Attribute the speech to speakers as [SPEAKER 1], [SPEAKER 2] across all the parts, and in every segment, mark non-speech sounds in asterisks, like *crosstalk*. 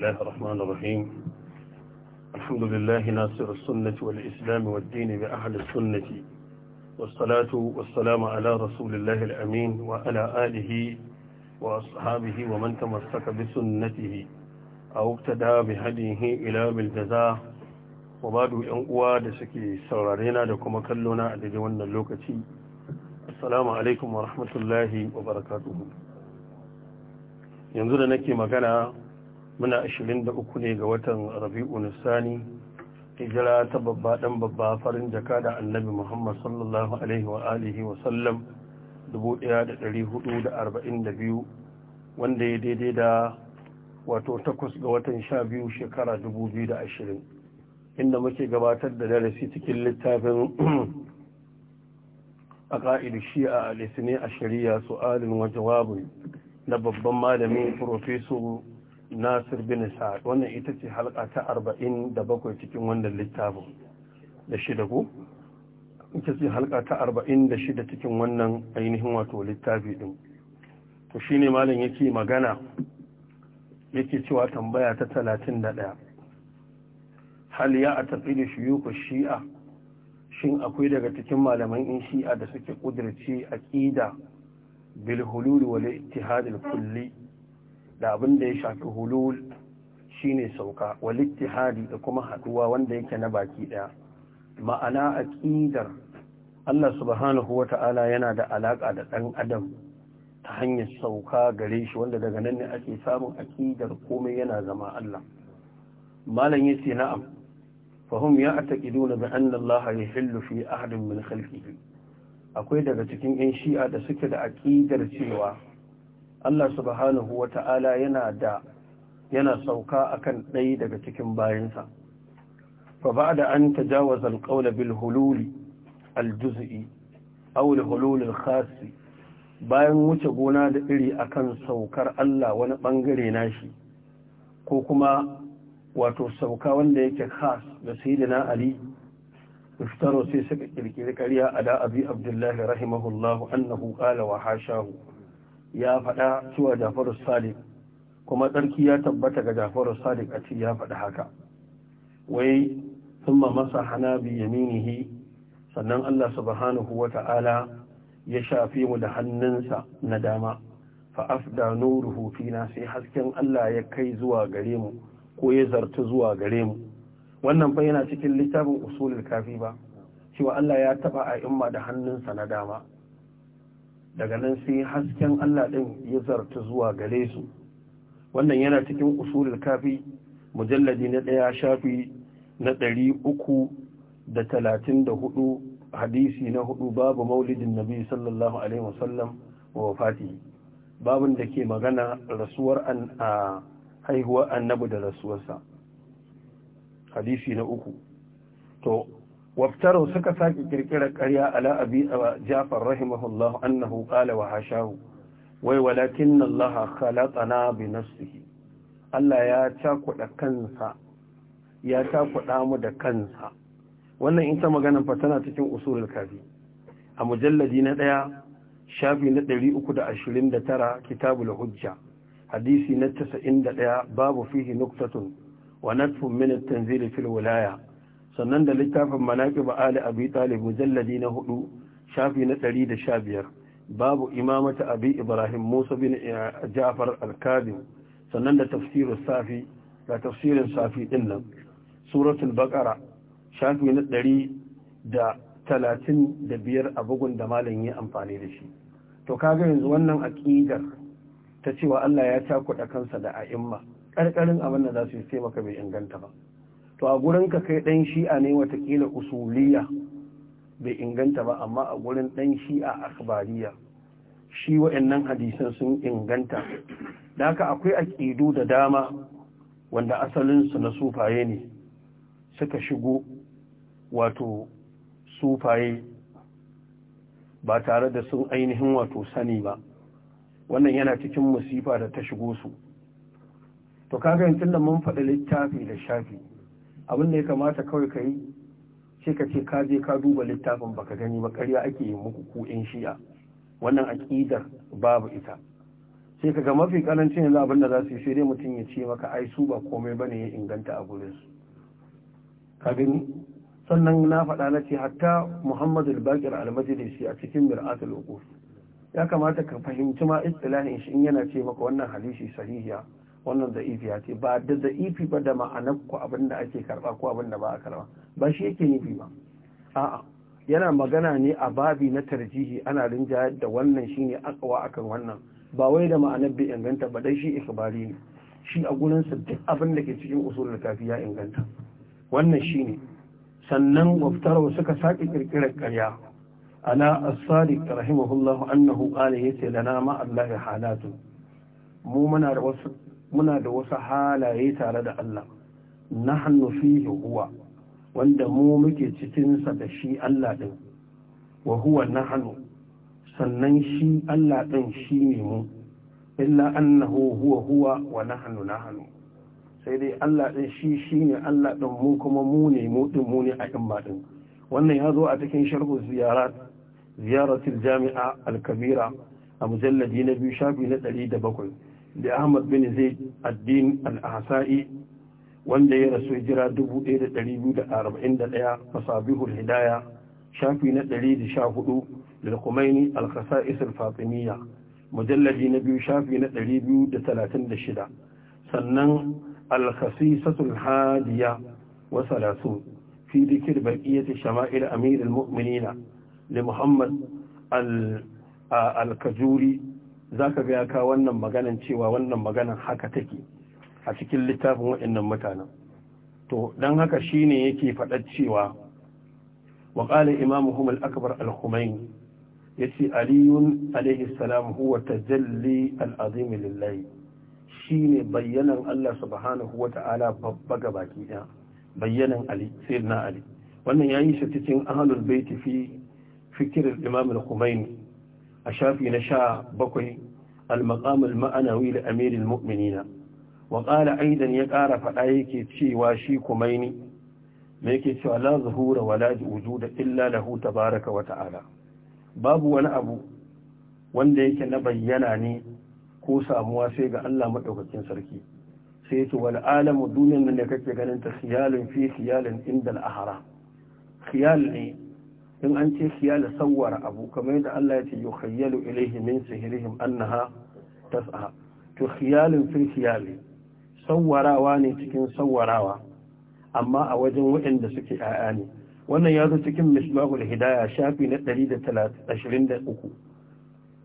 [SPEAKER 1] الله الرحمن الرحيم الحمد لله ناصر السنة والإسلام والدين بأهل السنة والصلاة والسلام على رسول الله الأمين وعلى آله وأصحابه ومن تمسك بسنته أو اقتدى بهديه إلى بالجزاء وبعد أنقوى دسكي سرارينا دكما كلنا لجوانا اللوكتي السلام عليكم ورحمة الله وبركاته yanzu da nake magana muna 23 ne ga watan rabi'un sani hijira ta babba dan babba farin jaka da annabi muhammad sallallahu alaihi wa alihi wa sallam 1442 wanda ya daidai da wato takwas ga watan 12 shekara 2020 inda muke gabatar da darasi cikin littafin a *clears throat* ƙa'idu shi'a a lisini a shari'a su'alin wajen jawabin na babban malamin profesor nasir bin sa'ad wannan ita ce halka ta arba'in da bakwai cikin wannan littafin da shida ko ita ce halka ta arba'in da shida cikin wannan ainihin wato littafi din to shine malam yake magana yake cewa tambaya ta talatin da hal ya atqidu shuyukh da shi'a shin akwai daga cikin malaman in shi'a da suke bil hulul wal ittihad al kulli da abin da ya shafi hulul shine sauka walittihadi da kuma haduwa wanda yake na baki daya ma'ana aqidar Allah subhanahu Ta'ala yana da alaƙa da ɗan adam ta hanyar sauka gare shi wanda daga nan ne ake samun akidar komai yana zama Allah malam yace na'am fahum ya'taqiduna bi anna Allah yahillu fi ahadin min akwai daga cikin yan shi'a da suke da aƙidar cewa Allah subhanahu wa ta'ala yana da yana sauka akan ɗaya daga cikin bayansa. Fa ba da an tajawaza alƙaula bil hululi aljuz'i, aul hululin khasi, bayan wuce gona da iri akan saukar Allah wani ɓangare nashi, ko kuma wato sauka wanda yake khas da Sayyidina Ali, iftaro sai suka ƙirƙiri ƙarya a da abi Abdullahi rahimahullahu annahu ƙala wa hashahu. ya faɗa cewa jafaru sadiq kuma tsarki ya tabbata ga jafaru sadiq a ce ya faɗa haka wai thumma masa hana bi yaminihi sannan Allah subhanahu wata'ala ta'ala ya shafe mu da hannunsa na dama Fa afda nuruhu fina sai hasken Allah ya kai zuwa gare mu ko ya zarta zuwa gare mu wannan fa yana cikin littafin usulul kafi ba cewa Allah ya taba a imma da hannunsa na dama daga nan sai hasken Allah ɗin ya zarta zuwa gare su wannan yana cikin usulul kafi mujalladi na ɗaya shafi na ɗari uku da talatin da hudu hadisi na hudu babu maulidin nabi sallallahu alaihi wasallam wa wafati babin da ke magana rasuwar an a haihuwar annabi da rasuwarsa hadisi na uku to waftaru suka sake kirkirar ƙarya ala abi jafar rahimahullah annahu qala wa hashahu wai walakin Allah khalaqana bi nafsihi Allah ya cakuɗa ya cakuɗa mu da kansa wannan ita maganar fa tana cikin usulul kafi a mujalladi na ɗaya shafi na ɗari 329 kitabul hujja hadisi na ɗaya babu fihi nuktatun wa natfun min at-tanzil sannan da littafin ba ali abi talib mujalladi na hudu shafi na da sha biyar babu imamata abi ibrahim musa bin eh, ja'far al sannan da tafsirin safi da tafsirin safi din nan suratul bakara shafi na da da talatin biyar a bugun da malam yi amfani da shi to kaga yanzu wannan aƙidar ta cewa Allah ya cakuɗa kansa da a'imma ƙarƙarin abin da za su yi sai bai inganta ba to a gurin ka kai ɗan shi'a ne watakila usuliya bai inganta ba amma a gurin ɗan shi'a akbariya shi wa'annan hadisan sun inganta da haka akwai aƙidu da dama wanda asalinsu na sufaye ne suka shigo wato sufaye ba tare da sun ainihin wato sani ba wannan yana cikin musifa da ta shigo su to kaga yankin da mun faɗi littafi da shafi abin da ya kamata kawai ka yi sai ka ce ka je ka duba littafin baka gani ba karya ake yi muku ku ƴan shi'a wannan aƙidar babu ita sai ka ga mafi karancin yanzu abin da za su yi sai dai mutum ya ce maka ai su ba komai bane ya inganta a gurin su ka gani sannan na faɗa na ce hatta muhammadu bakir al-majlisi a cikin mir'atul uquf ya kamata ka fahimci ma istilahin shi in yana ce maka wannan hadisi sahihiya wannan za'ifi ya ce ba da za'ifi ba da ma'anar ku abinda ake karba ko abinda ba a karba ba shi yake nufi ba a'a yana magana ne a babi na tarjihi ana rinjayar da wannan shine akawa akan wannan ba wai da ma'anar bai inganta ba dai shi ikbari ne shi a gurinsa duk abin da ke cikin usulul kafiya ya inganta wannan shine sannan waftarau suka sake kirkirar ƙarya ala as-sadiq rahimahullahu annahu qala yace lana ma Allah halatu mu muna da wasu muna da wasu halaye tare da Allah na hannu fihi huwa wanda mu muke cikinsa da shi Allah din wa huwa na hannu sannan shi Allah din shi ne mu illa annahu huwa huwa wa na hannu na hannu sai dai Allah din shi shine Allah din mu kuma mu ne mu ɗin mu ne a kan din wannan ya zo a cikin sharhu ziyarat ziyaratul jami'a al-kabira a mujalladi na biyu shafi na 107 da ahmad bin zaid addin al-ahsa'i wanda ya rasu jira 1241 fasabihul hidaya shafi na 114 lil khumaini al-khasa'is al-fatimiyya mujalladi na biyu shafi na 236 sannan al-khasisatul hadiya wa salasun fi dhikr baqiyati shama'il amir al-mu'minina li muhammad al-kajuri za ka ga ya kawo wannan maganan cewa wannan maganan haka take a cikin littafin waɗannan mutanen to don haka shine yake faɗar cewa wa ƙala imamuhum al-akbar al-khumaini yace aliyun alaihi salam huwa tajalli al-azim lillahi shine bayyanan Allah subhanahu ta'ala babba ga baki ɗaya bayyanan ali sayyidina ali wannan yayi shi cikin ahlul baiti fi fikr imam al-khumaini a shafi na sha bakwai al-maqam al-ma'anawi da amirul mu'minina wa aidan ya ƙara faɗa yake cewa shi kumaini me yake cewa wala zuhura wala da illa lahu tabaraka wa ta'ala babu wani abu wanda yake na bayyana ne ko samuwa sai ga Allah maɗaukacin sarki sai ce wal alamu duniyar da kake ganin ta khiyalun fi khiyalin inda al-ahram khiyal ne in an ce khiyala sawara abu kamar yadda Allah ya ce yukhayyalu ilayhi min sihrihim annaha tas'a to khiyalin fil khiyali sawwarawa ne cikin sawarawa amma a wajen waɗanda suke ƴaƴa ne wannan ya zo cikin misbahul hidaya shafi na 123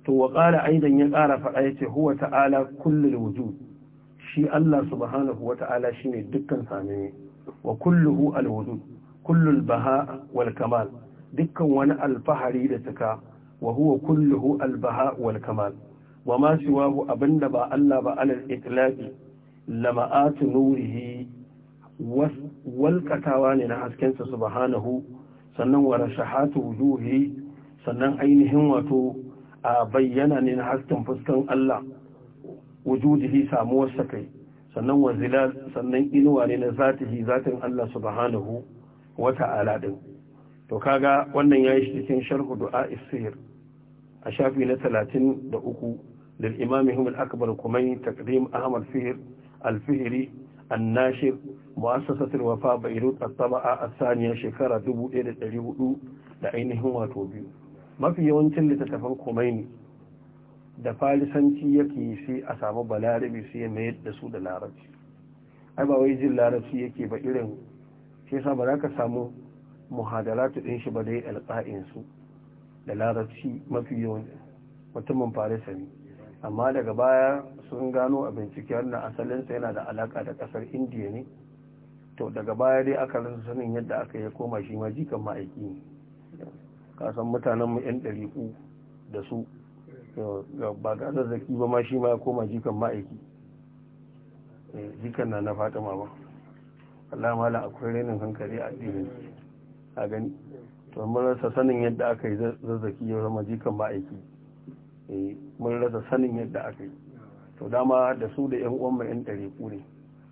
[SPEAKER 1] to wa qala aidan ya ƙara faɗa yace huwa ta'ala kullul wujud shi Allah subhanahu wa ta'ala shine dukkan same wa kulluhu alwujud kullul baha wal kamal dukkan wani alfahari da cika wa huwa kulluhu albaha wal kamal wa ma siwahu abinda ba Allah ba alal itlaqi lama'atu nurihi walkatawa ne na haskensa subhanahu sannan wa rashahatu wujuhi sannan ainihin wato a bayyana ne na hasken fuskan Allah wujudihi samuwarsa kai sannan wa zilal sannan inuwa ne na zatihi zatin Allah subhanahu wa ta'ala din to kaga wannan ya yi cikin sharhu du'a isir a shafi na talatin da uku lil imami himul akbar kumai takdim ahmad fihir alfihiri annashir mu'assasatul wafa beirut at-taba'a as-saniya shekara 1400 da ainihin wato biyu mafi yawancin littattafan kumaini da farisanci yake sai a samu balarabi sai ya mayar da su da larabci ai ba wai jin larabci yake ba irin shi yasa ba za ka samu muhadaratu ɗin shi ba dai ya alƙa'in su da larabci mafi yawan mutumin farisa ne amma daga baya sun gano a bincike wannan asalinsa yana da alaka da ƙasar indiya ne to daga baya dai aka rasa sanin yadda aka yi koma shi ma jikan ma'aiki ne kasan mutanen mu yan ɗariƙu da su ba ga zazzaki ba ma shi ma ya koma jikan ma'aiki eh, jikan na na fatima ba Allah mala akwai renin hankali a addinin a gani to mun rasa sanin yadda aka yi zazzaki ya zama jikan ma'aiki eh, mun rasa sanin yadda aka yi to dama da su da yan uwan mai yan ɗari ne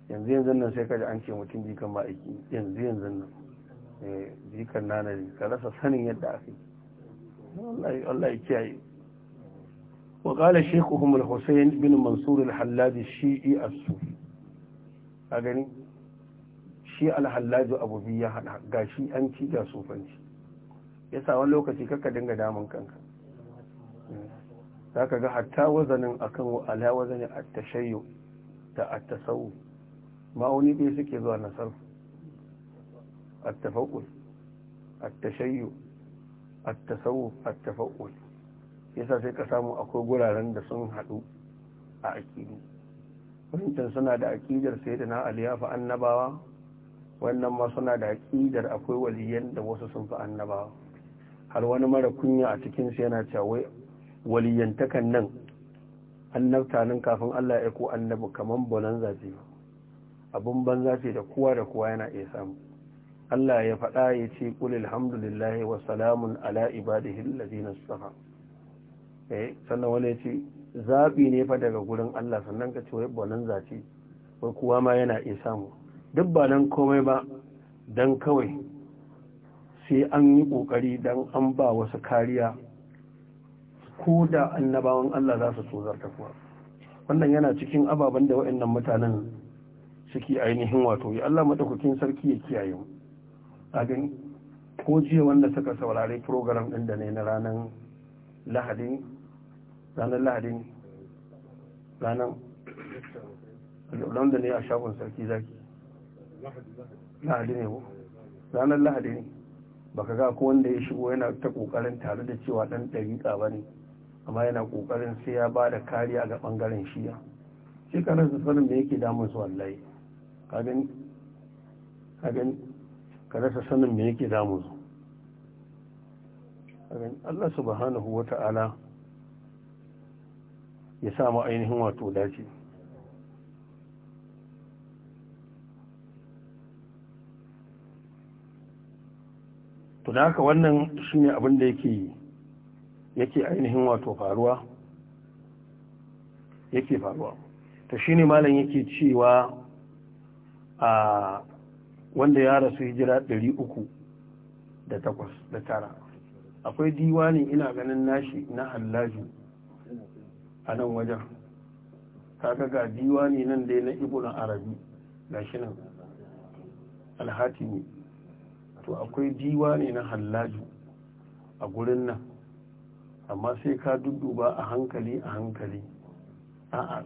[SPEAKER 1] yanzu yanzu nan sai ka an ce mutum jikan ma'aiki yanzu yanzu nan eh, jikan nana ne ka rasa sanin yadda aka yi Allah ya kiyaye bin mansur al بن shi'i الحلاب الشيعي a gani. shi alhallaju abu biyu ya haɗa ga shi an ci ga sofanci ya sa wani lokaci kakka dinga damun kanka za ka ga hatta wazanin akan wa'ala wazanin a tashayyo da a tasawu ma'auni ɗaya suke zuwa na sarfu a tafakul a tashayyo a tasawu a Ya sa sai ka samu akwai guraren da sun haɗu a aƙidu wancan suna da aƙidar sai da na aliyafa annabawa wannan ma suna da aƙidar akwai waliyan da wasu sun fi annaba har wani mara kunya a cikin cikinsu yana cewa wai waliyantakan nan annabta nan kafin Allah ya ko annabi kaman bonanza ce abun banza ce da kowa da kowa yana iya samu Allah ya faɗa ya ce kul alhamdulillahi wa salamun ala ibadihi alladhina istafa eh sannan wani ya ce zabi ne fa daga gurin Allah sannan ka ce wai bonanza ce wai kowa ma yana iya samu duk ba don komai ba don kawai sai an yi ƙoƙari don an ba wasu kariya ko da annabawan Allah za su zarta kuwa wannan yana cikin ababen da wa'annan mutanen suke ainihin wato ya Allah maɗaukakin sarki ya kiyaye mu abin ko jiya wanda suka saurari program ɗin da ne na ranar lahadin ranar lahadin ranar da ne a shagon sarki zaki lahadi ne ranar lahadi ne baka ga ko wanda ya shigo yana ta kokarin tare da cewa dan dariƙa ba ne amma yana kokarin sai ya ba da kariya ga bangaren shiya shi kanar su sanin da yake damun su wallahi kagani ka sanin me yake damun su kagani Allah subhanahu wata'ala ya samu ainihin wato dace da haka wannan ne abin da yake yake ainihin wato faruwa yake faruwa ta shi ne malam yake cewa a wanda ya rasu hijira ɗari uku da takwas da tara akwai diwani ina ganin nashi na halaji a nan wajen kaga ga diwa ne nan dai na na arabi gashi nan ne to akwai diwa ne na hallaju a gurin nan amma sai ka dudduba a hankali a hankali a'a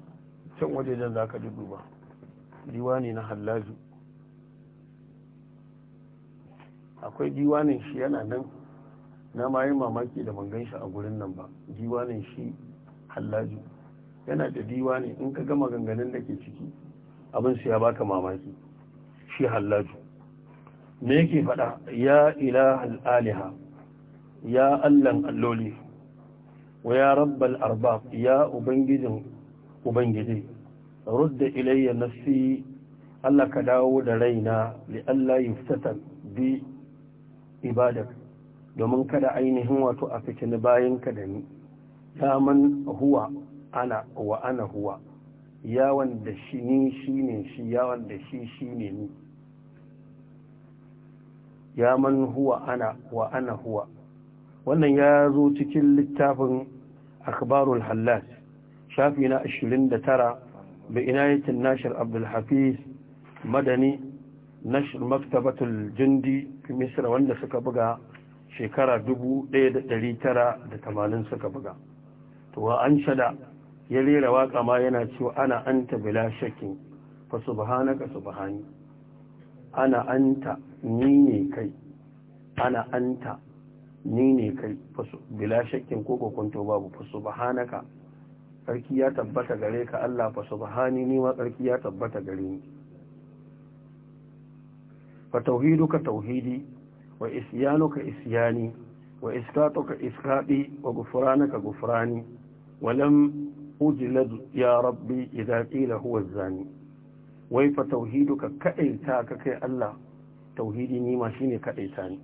[SPEAKER 1] can wajejen za ka dudduba Diwa ne na hallaju akwai diwanin shi yana nan na ma yi mamaki da ban shi a gurin nan ba diwanin shi hallaju yana da ne. in ka gama ganganin da ke ciki abin su ya baka mamaki shi hallaju me yake faɗa ya ilahal aliha ya allan alloli wa ya rabbal arbab ya ubangijin ubangiji rudda ilayya nafsi Allah ka dawo da raina li Allah yuftata bi ibadak domin kada ainihin wato a fitin ka da ni ya man huwa ana wa ana huwa yawon da shi ni shi ne shi ya da shi shi ne ni ya man huwa ana wa ana huwa wannan ya zo cikin littafin akbarul hallas shafi na 29 bi inayatin nashir abdul hafiz madani nashir maktabatul jindi misr wanda suka buga shekara 1980 suka buga to wa an shada ya rera waka ma yana cewa ana anta bila shakkin fa subhanaka subhani ana anta ni ne kai ana anta ni ne kai bila shakkin ko kokonto babu fasu bahanaka tsarki ya tabbata gare ka Allah fa subhani ni ma tsarki ya tabbata gare ni fa tauhiduka tauhidi wa isyanuka isyani wa iskatuka iskati wa gufranaka gufrani wa lam ujlad ya rabbi idza qila huwa zani wai fa tauhiduka ka'aita ka kai Allah tauhidi nima shine kadaita ni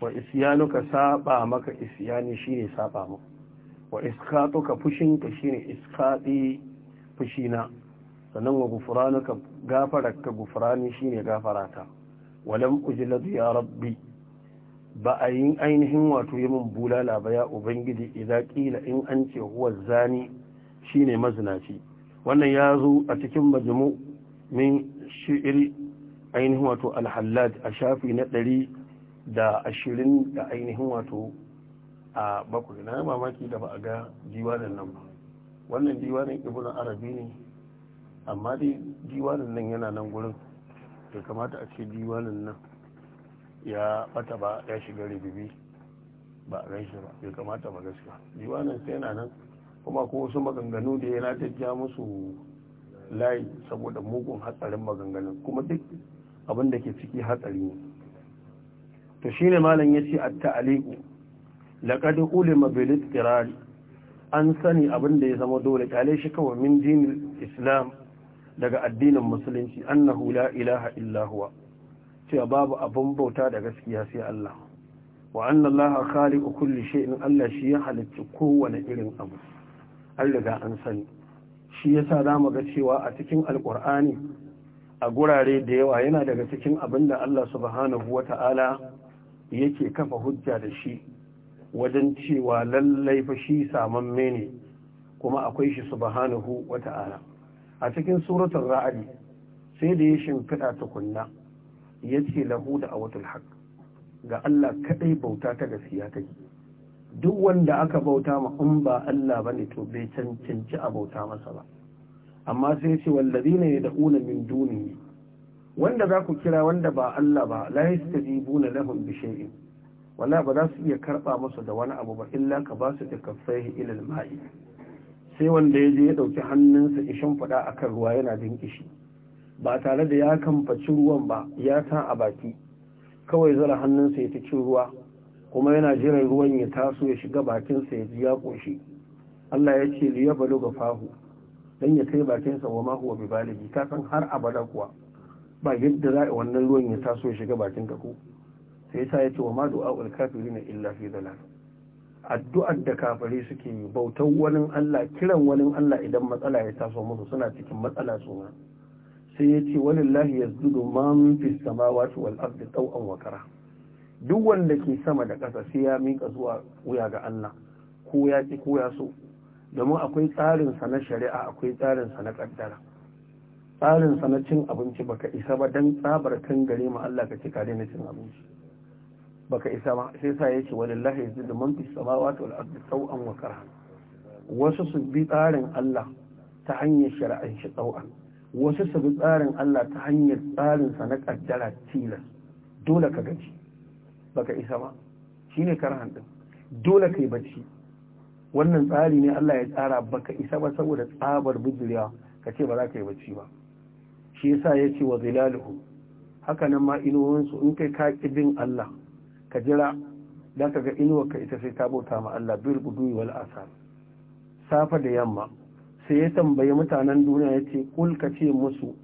[SPEAKER 1] wa isyanuka saba maka isyani shine saba maka wa iskatuka fushinka shine iskaɗi fushina sannan wa gafara gafararka gufrani shine ta walam ujlad ya rabbi ba a yin ainihin wato yi min bulala ba ya ubangiji idan kila in an ce huwa zani shine mazinaci wannan ya zo a cikin majmu min shi'iri ainihin wato alhallaj a shafi na ɗari da ashirin da ainihin wato a bakwai na mamaki da ba a ga diwanin nan ba wannan diwanan ibnu arabi ne amma dai diwanan nan yana nan gurin da kamata a ce diwanan nan ya bata ba ya shiga ribibi ba a gan ba ya kamata ba gaskiya diwanan sai yana nan kuma ko wasu maganganu da ya ta musu layi saboda mugun hatsarin maganganun kuma duk abinda ke ciki hatsari ne to shine malam yace at-ta'liqu laqad ulima bil iqrar an sani abinda ya zama dole kyale shi kawai min din islam daga addinin musulunci annahu la ilaha illa huwa cewa babu abun bauta da gaskiya sai Allah wa anna Allah khaliqu kulli shay'in Allah shi ya halicci kowane irin abu an riga an sani shi yasa zamu ga cewa a cikin alqur'ani a gurare da yawa yana daga cikin abin da Allah subhanahu wa ta'ala yake kafa hujja da shi wajen cewa lallai fa shi saman ne kuma akwai shi subhanahu wa ta'ala a cikin suratul ra'adi sai da ya shimfiɗa tukunna ya ce lahu da awatul haq ga Allah kaɗai bauta ta gaskiya take duk wanda aka bauta ma in ba Allah bane to bai cancanci a bauta masa ba amma sai ce da yad'una min duni wanda za ku kira wanda ba Allah ba la yastajibuna lahum bi shay'in wala ba za su iya karɓa masa da wani abu ba illa ka ba su takaffaihi ila al-ma'i sai wanda ya je ya ɗauki hannunsa ishin fada akan ruwa yana jin kishi ba tare da ya kamfaci ruwan ba ya ta a baki kawai zara hannunsa ya ta cin ruwa kuma yana jiran ruwan ya taso ya shiga bakinsa ya ji ya koshi Allah ya ce liya balu fahu dan ya kai bakinsa wa ma huwa baligi ka san har abada kuwa ba yadda za a wannan ruwan ya taso ya shiga bakin ka ko sai sa ya ce wa ma kafiri na illa fi dalal addu'ar da kafiri suke yi bautar wani Allah kiran wani Allah idan matsala ya taso musu suna cikin matsala suna sai ya ce walillahi yasjudu man fis samawati wal ardi taw'an wa duk wanda ke sama da ƙasa sai ya mika zuwa wuya ga Allah ko ya ko ya so domin akwai tsarinsa na shari'a akwai tsarinsa na tsarin tsarinsa na cin abinci baka isa ba don tsabar kan gare mu Allah ka ci kare na cin abinci baka isa ba sai sa yace wallahi yazdu man fi samawati wal ardi taw'an wa karhan wasu su bi tsarin Allah ta hanyar shari'an shi taw'an wasu su bi tsarin Allah ta hanyar tsarinsa na kaddara tilas dole ka gaji baka isa ba shine karhan din dole kai bacci wannan tsari ne Allah ya tsara baka isa ba saboda tsabar bijirewa ka ce ba za ka yi bacci ba shi yasa ya ce wa zilaluhu haka nan ma inuwansu in kai ka bin Allah ka jira da ka ga inuwar ka ita sai ta bauta ma Allah bil guduwi wal asar safa da yamma sai ya tambayi mutanen duniya ya ce kul ka ce musu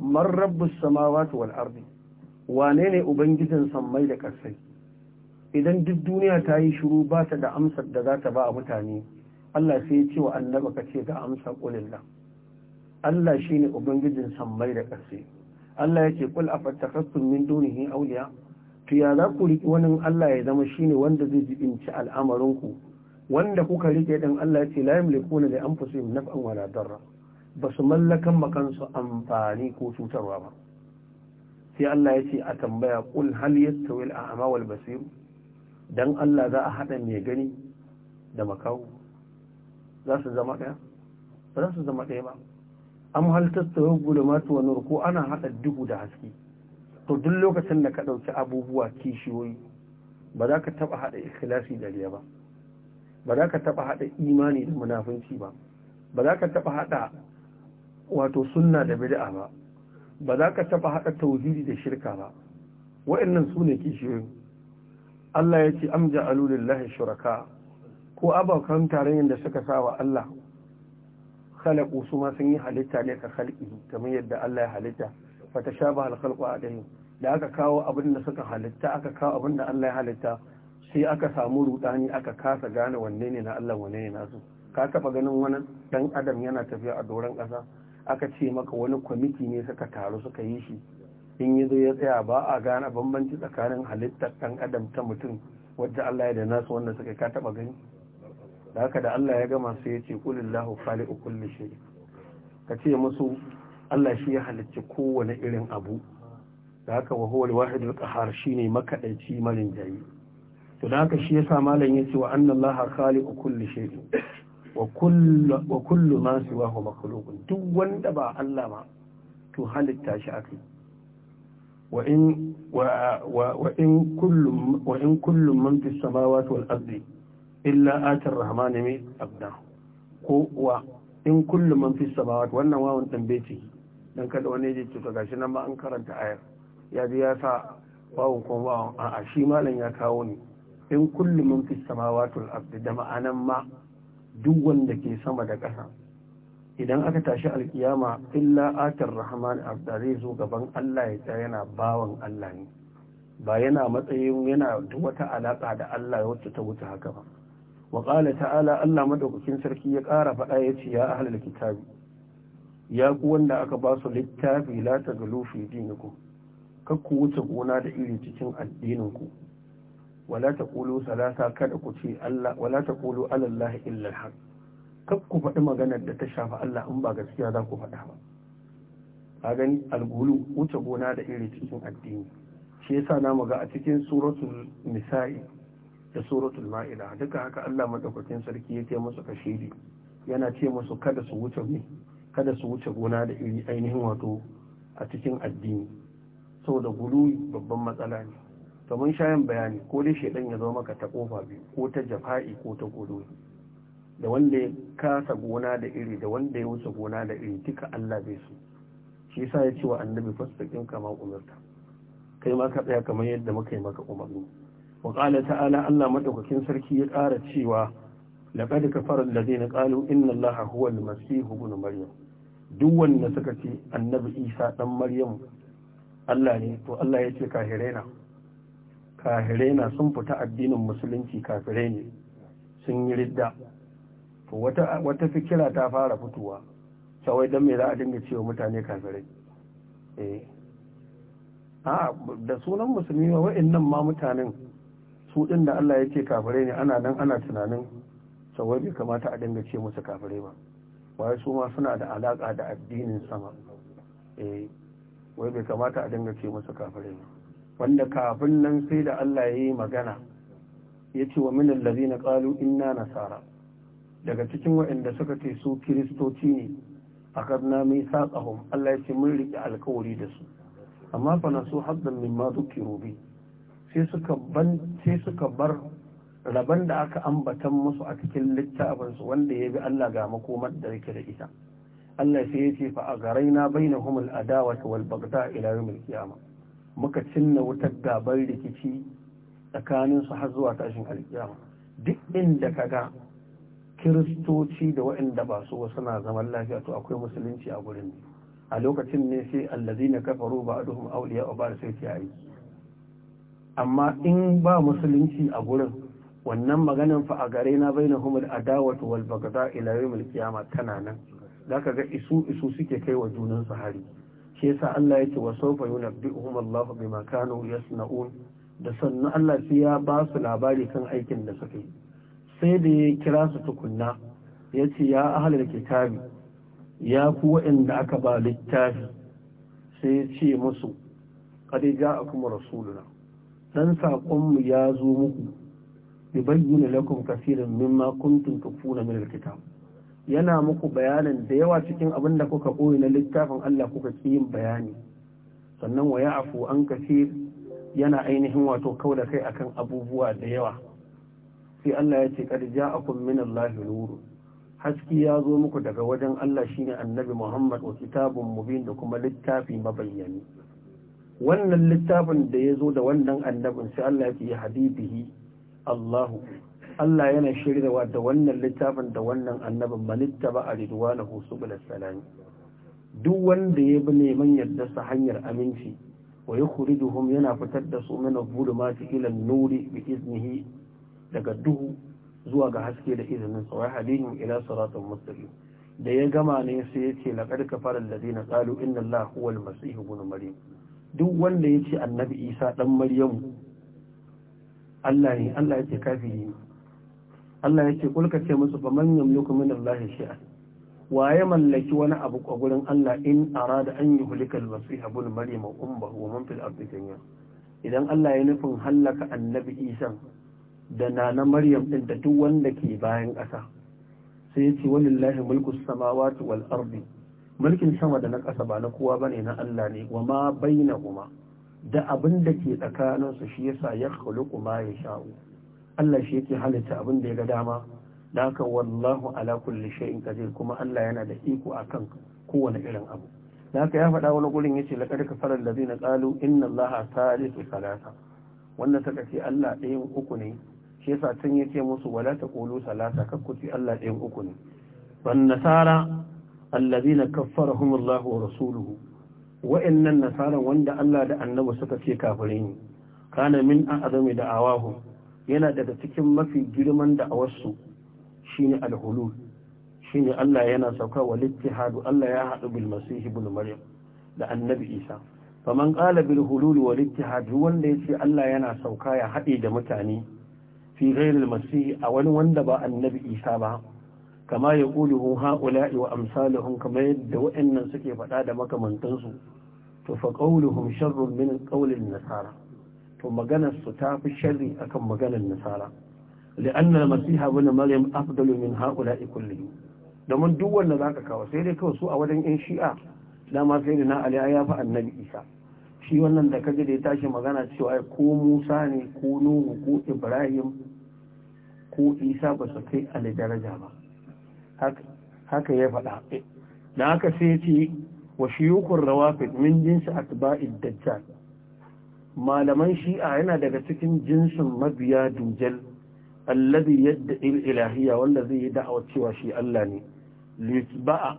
[SPEAKER 1] man rabbus samawati wal ardi wane ne ubangijin sammai da ƙasai idan duk duniya ta yi shiru ba ta da amsar da za ta ba a mutane Allah sai ya ce wa annaba ka ce ga amsa ƙulillah Allah shi ne Ubangijin sammai da ƙarfi. Allah ya ce ƙul a fattakastun min dunihi auliya to ya za ku riƙi wani Allah ya zama shi ne wanda zai jibinci al'amarinku wanda kuka riƙe ɗin Allah ya ce la yamlikuna li anfusihim naf'an wala darra ba su mallakan makansu amfani ko cutarwa ba sai Allah ya ce a tambaya ƙul hal yastawi al-a'ma wal basir don Allah za a haɗa mai gani da makawo za su zama ɗaya ba za su zama ɗaya ba an halittar gulmatu wa nur ko ana haɗa duhu da haske to duk lokacin da ka ɗauki abubuwa kishiyoyi ba za ka taɓa haɗa ikhlasi da riya ba ba za ka taɓa haɗa imani da munafunci ba ba za ka taɓa haɗa wato sunna da bid'a ba ba za ka taɓa haɗa tauhidi da shirka ba wa'annan su ne kishiyoyi Allah ya ce am ja'alu lahi shuraka ko abokan tarayyar da suka sa wa Allah khalaqu su ma sun yi halitta ne ka khalqi kamar yadda Allah ya halitta fatashabaha al-khalqu da aka kawo abin da suka halitta aka kawo abin da Allah ya halitta sai aka samu rudani aka kasa gane wanne ne na Allah wanne ne nasu ka taba ganin wani dan adam yana tafiya a doron ƙasa aka ce maka wani kwamiti ne suka taru suka yi shi in yi zo ya tsaya ba a gane bambanci tsakanin halittar ɗan adam ta mutum wadda Allah ya da nasu wanda suka ka taɓa gani da haka da Allah ya gama sai ya ce kulillahu fali kulli shi ka ce musu Allah shi ya halicci kowane irin abu da haka wa huwa al-wahid shi ne shine makadaici marin jayi to da haka shi yasa malam yace wa anna Allah khaliqu kulli shay wa kullu wa kullu ma siwahu makhluqun duk wanda ba Allah ma to halitta shi akai وإن, و و وإن, كل وإن كل من في السماوات والأرض إلا آتى الرحمن من أبدا وإن كل من في السماوات وأن واو تنبيتي dan kada wani ya ce to gashi nan ma an karanta ayar ya ji ya sa wawo ko wawo a shi malam ya kawo ni in kullum man fi samawati wal ardi da ma'anan ma duk wanda ke sama da ƙasa idan aka tashi alkiyama illa atar rahman abda zai zo gaban Allah ya tsaya yana bawan Allah ne ba yana matsayin yana wata alaka da Allah wacce ta wuce haka ba wa qala ta'ala Allah madaukakin sarki ya ƙara faɗa ya ce ya ahlul kitabi ya ku wanda aka ba su littafi la taglu fi dinikum kar ku wuce gona da iri cikin addininku. ku wala taqulu salasa kada ku ce Allah wala taqulu ala Allah illa al kar ku faɗi maganar da ta shafa Allah in ba gaskiya za ku faɗa ba a gani algulu wuce gona da iri cikin addini shi yasa na ga a cikin suratul nisa'i da suratul ma'ida duka haka Allah madaukakin sarki ya ce musu kashiri yana ce musu kada su wuce ne kada su wuce gona da iri ainihin wato a cikin addini saboda gulu babban matsala ne to mun sha bayani ko dai shedan ya zo maka ta kofa biyu ko ta jafa'i ko ta gudu da wanda ya kasa gona da iri da wanda ya wuce gona da iri duka Allah bai su shi yasa ya ce wa annabi fasfakin kama umarta kai ma ka tsaya kamar yadda muka yi maka umarni wa qala ta'ala Allah madaukakin sarki ya kara cewa laqad kafara alladhina qalu inna allaha huwa al-masih ibn maryam duk wanda suka ce annabi isa dan maryam Allah ne to Allah ya ce kahirena kahirena sun fita addinin musulunci kafirai ne sun yi ridda to wata wata fikira ta fara fitowa wai dan me za a dinga cewa mutane kafirai eh a da sunan musulmi wa wa'annan ma mutanen su din da Allah yake kafirai ne ana nan ana tunanin sawai bai kamata a dinga ce musu kafirai ba wai su ma suna da alaka da addinin sama eh wai bai kamata a dinga ce musu kafirai ba wanda kafin nan sai da Allah ya yi magana ya ce wa minan ladina qalu inna nasara daga cikin waɗanda suka ce su kiristoci ne a karna mai saƙahun Allah ya ce mun riƙe alkawari da su amma fa na su haddan min ma sai suka ban sai suka bar raban da aka ambata musu a cikin littafin su wanda ya bi Allah ga makomar da yake da ita Allah sai ya ce fa a garaina bainahum al adawa wal bagda ila al qiyamah muka cinna wutar gaban rikici tsakanin su har zuwa tashin alkiyama duk inda ka ga. kiristoci da waɗanda ba su suna zaman lafiya to akwai musulunci a gurin a lokacin ne sai allazi na kafaru ba a duhun auliya a bar sai ta amma in ba musulunci a gurin wannan maganin fa a gare na bai na humul adawatu wal bagada ila yawmil qiyamah tana nan za ka ga isu isu suke kai wa junan su hari shi yasa Allah yake wa umar yunabbi'uhum Allah bima kanu yasna'un da sannan Allah sai ya ba su labari kan aikin da suka yi sai da ya kira su tukunna ya ce ya ahalar kitabi ya ku waɗanda aka ba littafi sai ya ce musu kare ja a kuma rasuluna ɗan saƙonmu ya zo muku bi bayyana lakum kasirin mimma kuntum tukfuna min alkitab yana muku bayanin da yawa cikin abin da kuka koyi na littafin Allah kuka ki yin bayani sannan wa ya'fu an kasir yana ainihin wato kauda kai akan abubuwa da yawa sai Allah ya ce qad ja'akum min Allah nuru haski ya zo muku daga wajen Allah shine annabi Muhammad wa kitabun mubin da kuma littafi mabayyani wannan littafin da ya zo da wannan annabin sai Allah ya ce habibihi Allahu Allah yana shiryawa da wannan littafin da wannan annabin manitta ba a ridwanahu subul salam duk wanda ya bi neman yadda sa hanyar aminci wa yukhrijuhum yana fitar da su min al-zulumati ila an-nuri bi iznihi daga duhu zuwa ga haske da izinin sa wa hadihim ila siratal mustaqim da ya gama ne sai ya ce laqad kafara alladhina qalu inna allaha huwal masih ibn maryam duk wanda ya ce annabi isa dan maryamu Allah ne Allah ya ce kafiri ne Allah ya ce kulka ce musu fa man yamliku min allahi shay'an wa ya mallaki wani abu a gurin Allah in arada an yuhlika al-masih ibn maryam ummuhu wa man fil ardi jami'a idan Allah ya nufin hallaka annabi isa da nana maryam din da duk wanda ke bayan ƙasa sai ya ce walillahi mulku samawati wal ardi mulkin sama da na ƙasa ba na kowa bane na Allah ne wa ma bainahuma da abin da ke tsakanin su shi yasa ya khuluqu ma sha'u. Allah shi yake halitta abin da ya ga dama da haka wallahu ala kulli shay'in qadir kuma Allah yana da iko akan kowane irin abu da haka ya faɗa wani gurin yace laqad kafara allazina qalu inna allaha thalithu thalatha wannan saka ce Allah ɗayan uku ne shi yasa tun ce musu wala kulu salasa kakkuti Allah ɗayan uku ne Ban nasara allazina kaffarahum Allah wa rasuluhu wa'annan nasaran wanda Allah da annabi suka ce kafirai ne kana min a'zami Awahu yana daga cikin mafi girman da'awarsu shine al shine Allah yana sauka wal ittihadu Allah ya hadu bil masih ibn maryam da annabi Isa faman qala bil hulul wal ittihad wanda yace Allah yana sauka ya hade da mutane fi ghairil masih a wani wanda ba annabi isa ba kama ya ƙuluhu ha'ula'i wa amsaluhum kamar yadda wa'annan suke faɗa da makamantansu to fa qawluhum sharrun min qawlin nasara to maganar su ta fi sharri akan maganar nasara li'anna al-masiha ibn maryam afdalu min ha'ula'i kullihim domin duk wanda zaka kawo sai dai kawai su a wajen yan shi'a dama sai da na ali ya fa annabi isa shi wannan da kaje da ya tashi magana cewa ko musa ne ko nuhu ko ibrahim ko isa ba su kai ali daraja ba haka ya faɗa da haka sai ce wa shiyukun rawafid min jinsi atba'id dajjal malaman shi'a yana daga cikin jinsin mabiya dujal alladhi yadda ilahiyya wanda zai yi da'awar cewa shi Allah ne lisba'a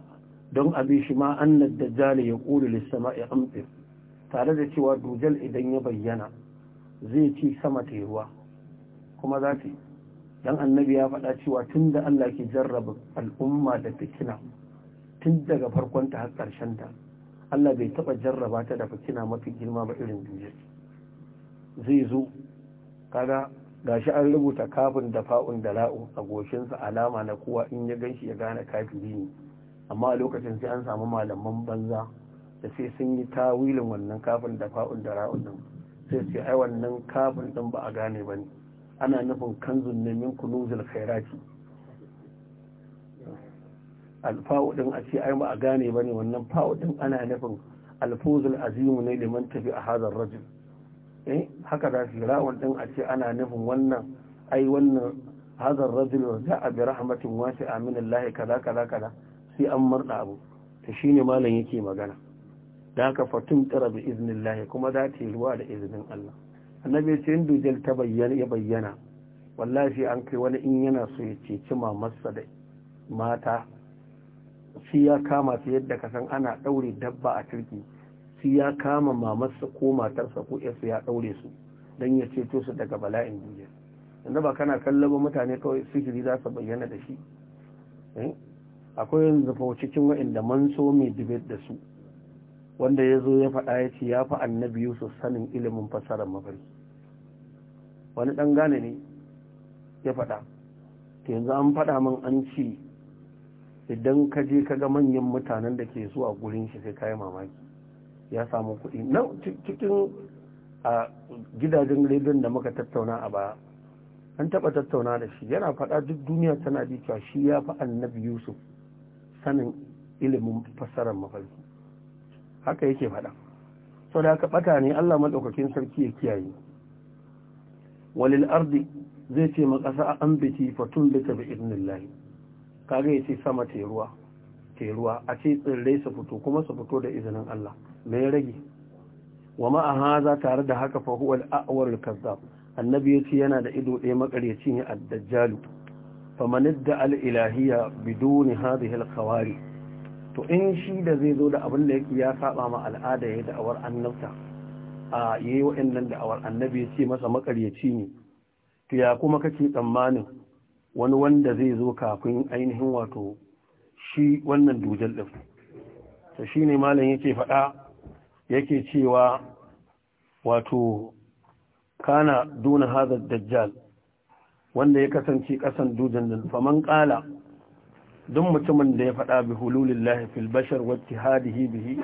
[SPEAKER 1] don abin shi ma annad dajjal ya qulu lis-sama'i amtir tare da cewa dujal idan ya bayyana zai ci sama ta ruwa kuma za ta yi dan annabi ya faɗa cewa tun da Allah ke jarraba al'umma da fitina tun daga farkon ta har ta Allah bai taba jarraba ta da fitina mafi girma ba irin duniya zai zo kaga gashi an rubuta kafin da fa'un da la'u a goshinsa alama na kowa in ya ganshi ya gane kafiri ne amma a lokacin sai an samu malaman banza da sai sun yi tawilin wannan kafin da fa'un da la'u nan sai sai ai wannan kafin din ba a gane ba ne ana nufin kanzun ne min kunuzul khairati alfawo din a ce ai ba a gane bane wannan fawo din ana nufin alfuzul azim ne man tafi a hadar rajul eh haka da shi ra'un din a ce ana nufin wannan ai wannan hadar rajul a bi rahmatin wasi'a min Allah kaza kaza kaza sai an murda abu to shine malam yake magana da haka fatun tara bi iznillah kuma za ta yi ruwa da iznin Allah annabi ya in dujal ta bayyana ya bayyana wallahi an kai wani in yana so ya ceci mamarsa da mata shi ya kama ta yadda ka san ana ɗaure dabba a turki shi ya kama mamarsa ko matarsa ko yasa ya ɗaure su don ya ceto su daga bala'in duniya yanzu ba kana ba mutane kawai sihiri za su bayyana da shi eh? akwai yanzu fa cikin wa'inda man so mai dibet da su wanda ya zo ya faɗa ya ce ya fi annabi yusuf sanin ilimin fasarar mafarki wani ɗan gane ne ya faɗa ta yanzu an faɗa min an ci idan ka je ka ga manyan mutanen da ke zuwa gurin shi sai kayan mamaki ya samu kuɗi na? cikin a gidajen rediyon da muka tattauna a baya an taɓa tattauna da shi yana faɗa duk duniya tana bi cewa shi ya fi annabi yusuf sanin ilimin fassarar mafarki haka yake faɗa sau da haka ɓata ne allah maɗaukakin sarki ya kiyaye walil ardi zai ce ma ƙasa an biti fatun bita bi idnillahi kaga yace sama te ruwa ruwa a ce tsirrai su fito kuma su fito da izinin Allah me ya rage wa ma haza tare da haka fa huwa al-a'war al-kazzab annabi yace yana da ido ɗaya makaryaci ne ad-dajjalu man idda al-ilahiyya bidun hadhihi al-khawari to in shi da zai zo da abin da yake ya saba ma al'ada ya da'awar annabta a yayi wa'annan awar annabi ya ce masa makaryaci ne to ya kuma kake tsammanin wani wanda zai zo kafin ainihin wato shi wannan dujal din to shine malam yake faɗa yake cewa wato kana duna hada dajjal wanda ya kasance kasan dujan din man qala duk mutumin da ya faɗa bi hululillahi fil bashar wa ittihadihi bihi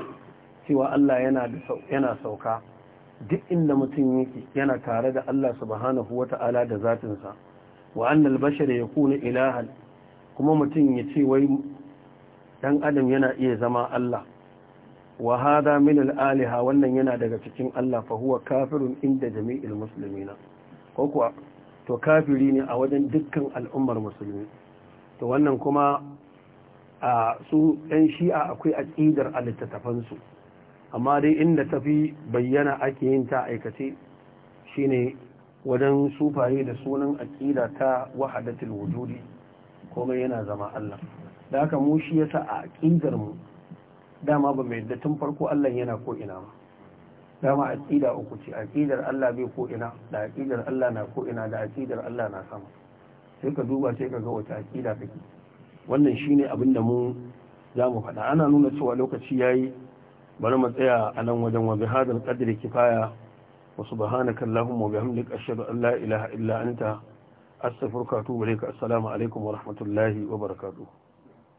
[SPEAKER 1] cewa Allah yana yana sauka duk inda mutum yake yana tare da Allah subhanahu wata'ala da zatinsa wa annal bashar ya kuna ilahan kuma mutum ya ce wai dan adam yana iya zama Allah wa hada min al-aliha wannan yana daga cikin Allah fa huwa kafirun inda jami'il muslimina ko kuwa to kafiri ne a wajen dukkan al'ummar musulmi to wannan kuma a su ɗan shi'a akwai aƙidar a littattafansu amma dai inda tafi bayyana ake yin ta aikace shine wajen sufaye da sunan aƙida ta wahadatul wujudi komai yana zama Allah da haka mu shi yasa a aƙidar mu dama ba mai tun farko Allah yana ko ina ba dama aƙida uku ce aƙidar Allah bai ko ina da aƙidar Allah na ko ina da aƙidar Allah na sama sai ka duba sai ka ga wata aƙida kake wannan shine abin da mu zamu faɗa ana nuna cewa lokaci yayi bari mu tsaya a nan wajen wa bihadal qadri kifaya wa subhanaka allahumma wa bihamdika ashhadu an la ilaha illa anta astaghfiruka wa atubu ilaik assalamu alaikum wa rahmatullahi wa barakatuh